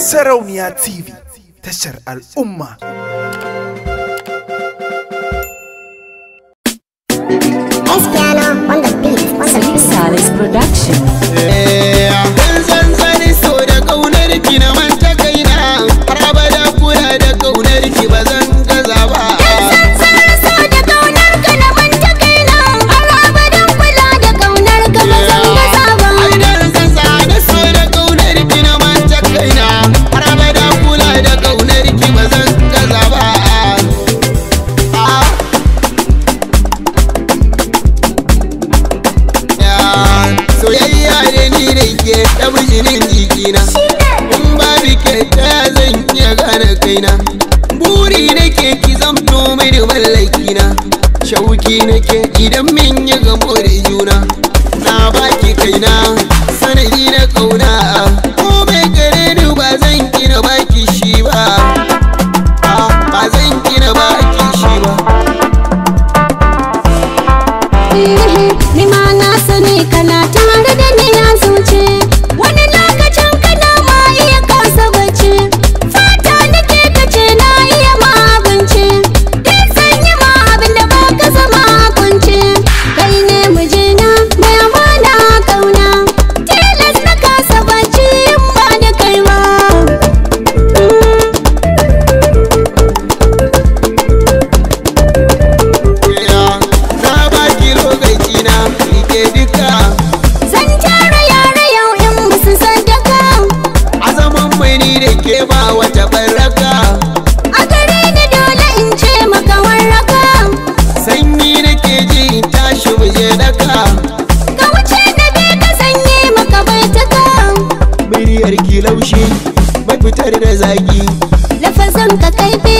Sarauniya TV tashar al'umma. Salis Production. tare ni da ke ta bijirin jikina in babu ke ta zan iya gane kaina buri nake ki zamto mini mallakina shauki nake idan min yi gamo da juna wai da ke ba wata baraka a gare ni dole in ce maka warraka sanyi nake ji in tashi muje daka ka wuce da bi ka sanye maka bai taka muryar ki laushi mafitar da zaki lafazan ka kaifi.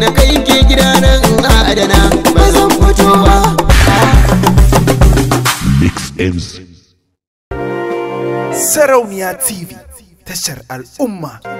na kai ke gida nan in adana ba zan fito ba Mix Sarauniya TV tashar al'umma